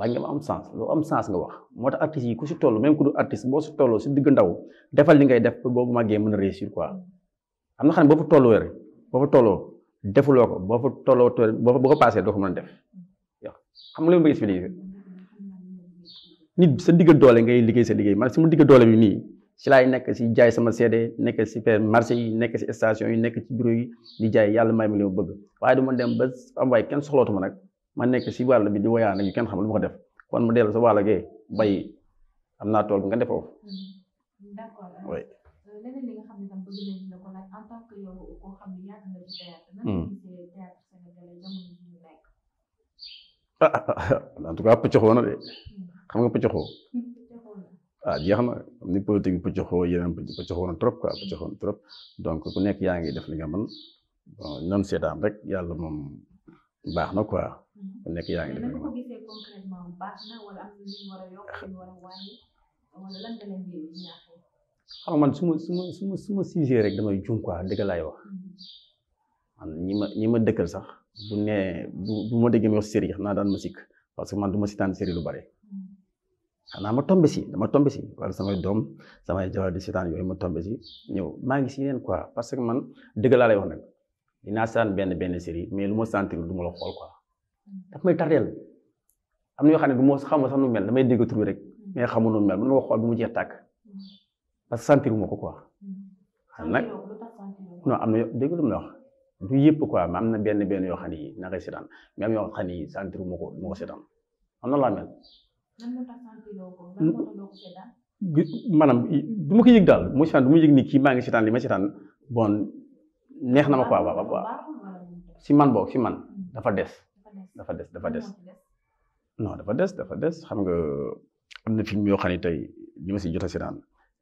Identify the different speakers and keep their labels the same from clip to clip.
Speaker 1: laaj la ma am sens lu am sens nga wax motax artiste yi ku ci tollu même ku du artiste bo ci tollu ci digg ndaw defal li ngay def pour boobu magge mën réussir quoi amna na xam ne fa tollu rek bo fa tolloo defuloo ko boo fa tolloo bo fa bu ko passé ya, do ko mën a def xam nga lu ma bëgg expliquer nit sa digg doole ngay liggéey sa liggéey man sama digg doole bi ni ci lay nek ci jaay sama cd nek ci per marché yi nek ci station yi nek ci bureau yi di jaay yalla may ma li ma bëgg waye duma dem ba am way kenn soxlotuma nak ma nek lebih walu bi di waya nak ken xam lu ko def kon mu delu sa walu ge bay amna tol nga def mm-hmm. d'accord oui euh, leneen li nga tam ko en tant que yow nga théâtre mm. théâtre sénégalais jamono ah, ah, ah, en tout cas pëccoxoo na de mm. xam nga ah jeex na ni politique bi yeneen na trop quoi pëccoxoo na trop donc ku nek yaa def li nga man non nan rek yalla mom baax na quoi mm-hmm. ku nekk yaa ngi def man suma ma su ma su ma rek damay jum quoi dëgg laay wax mm-hmm. man ñi ma ñi ma dëkkal sax bu ne bu bu ma déggee wax série xanaa daan ma sikk parce que man du ma sitaan série lu bare mm-hmm. xanaa ma tombe si dama tombe si wala samay doom samay jabar di sitaan yooyu ma tombe si ñëw maa ngi si leen quoi parce que man dëgg laa lay wax dinaa saan benn benn série mais lu ma sentir du ma la xool quoi daf may tardeel am na yoo xam ne du ma xamul sax nu mel damay dégg tur rek mais xamul mu jeex tàkk parce que ma ko quoi. xam nag non am na dégg lu ma yëpp quoi mais na benn benn yoo xam ne yi na yoo xam ne sentir ma ko ma ko seetaan am na du ma ko yëg daal mooy seetaan du ma yëg ni kii maa ngi seetaan li ma neex na ma quoi waaw waaw si man boog si man mm. dafa des dafa des dafa des non dafa des dafa des xam nga am na film yoo xam ne tey li ma si jot a si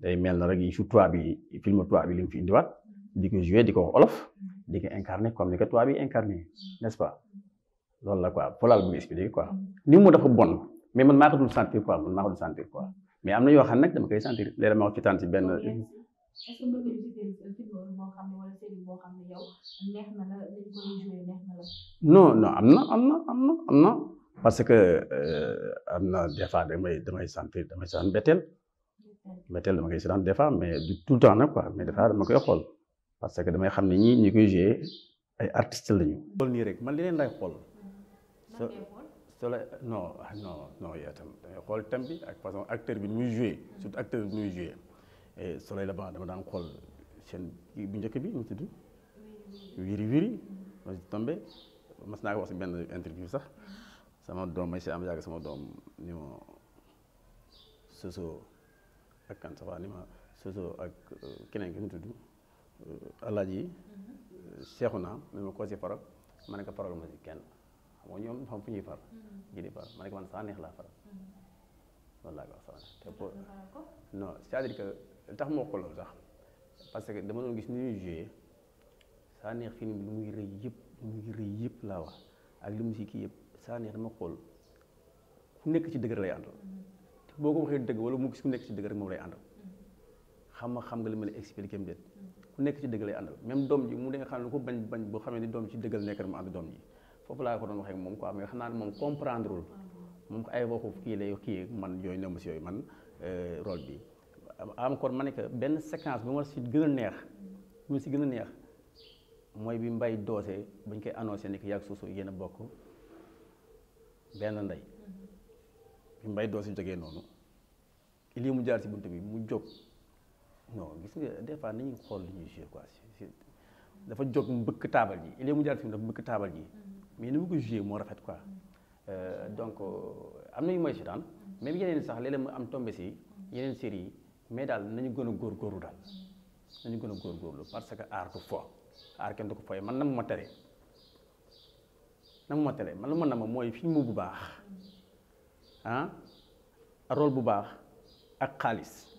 Speaker 1: day mel na rek yi su tubaab bi film tubaab bi li mu fi indiwaat mm. di ko joué olof di ko mm. incarné comme ni ko tubaab bi incarné n'est-ce pas loolu la quoi folaal bu mu expliqué quoi ni mu dafa bon mais man maa ko dul sentir quoi man maa ko sentir quoi mais am na yoo xam nag dama koy sentir léeg-léeg ko ci tànn ci benn est-ce que bëgg nga film boo ne wala série boo xam ne yow neex la dañ koy neex na la. non non parce que euh, am na des fois damay damay sentir damay sentir mbetteel. mbetteel dama mais tout le temps quoi mais des fois parce que damay xam ne ñi koy jouer ay artistes lañu. xool nii rek man li leen non ah, non non yow tam bi ak façon acteur bi nu muy surtout acteur bi E, soleil là-bas dama daan xool seen bu njëkk bi mu tudd wiri wiri ma si tombé mas naa ko wax si benn interview sax sama doom may si am yàgg sama doom ni ma soso ak kan safa ni ma soso ak euh, keneen ki mu tudd euh, alaaji mhm. seexu naa ni ma koo si faral ma ne ko faral ma kenn xam nga ñoom xam fu ñuy far ji mhm. far ma ne ko man saa neex laa faral mhm. loolu ko wax saa neex te non c'est-à-dire que tax moo ko sax parce que dama doon gis ni ñuy joué saa neex film bi lu rëy yëpp lu muy yëpp laa wax ak li mu si kii yëpp saa neex dama xool ku nekk ci dëgër lay àndal mm-hmm. boo ko waxee dëgg wala mu gis ku nekk ci dëgg moom lay àndal mm-hmm. xam nga xam nga li ma la expliqué mu déet mm-hmm. ku nekk ci dëgg lay àndal même doom ji mu dee xam ne lu ko bañ bañ boo xamee ni doom ci dëggal nekk mu ànd doom ji foofu laa ko doon waxee moom ko amee xam naa ne moom comprendrewul moom ko ay waxu kii lay kii man yooyu ne ma si yooyu man euh, role bi am kon ma ne benn séquence bi ma si gën a neex bi si gën a neex mooy bi mbay doosee bañ koy annoncé nekk que yàgg suusu yéen a bokk benn ndey bi mbay doose jógee noonu lii mu jaar si bunt bi mu jóg non gis des fois nañu xool li ñuy joué dafa jóg mu bëkk taabal ji lii mu jaar si dafa bëkk taabal ji mais ni mu ko joué moo rafet quoi euh, donc euh, am na yu may si daan même yeneen sax léeg mu am tombe si yeneen série yi mais daal nañu gën a góorgóorlu daal nañu gën a góor góorgóorlu parce que aar du fo aar kenn du ko foyee man na ma tere na ma tere man lu ma nama mooy mu bu baax ah rôle bu baax ak xaalis.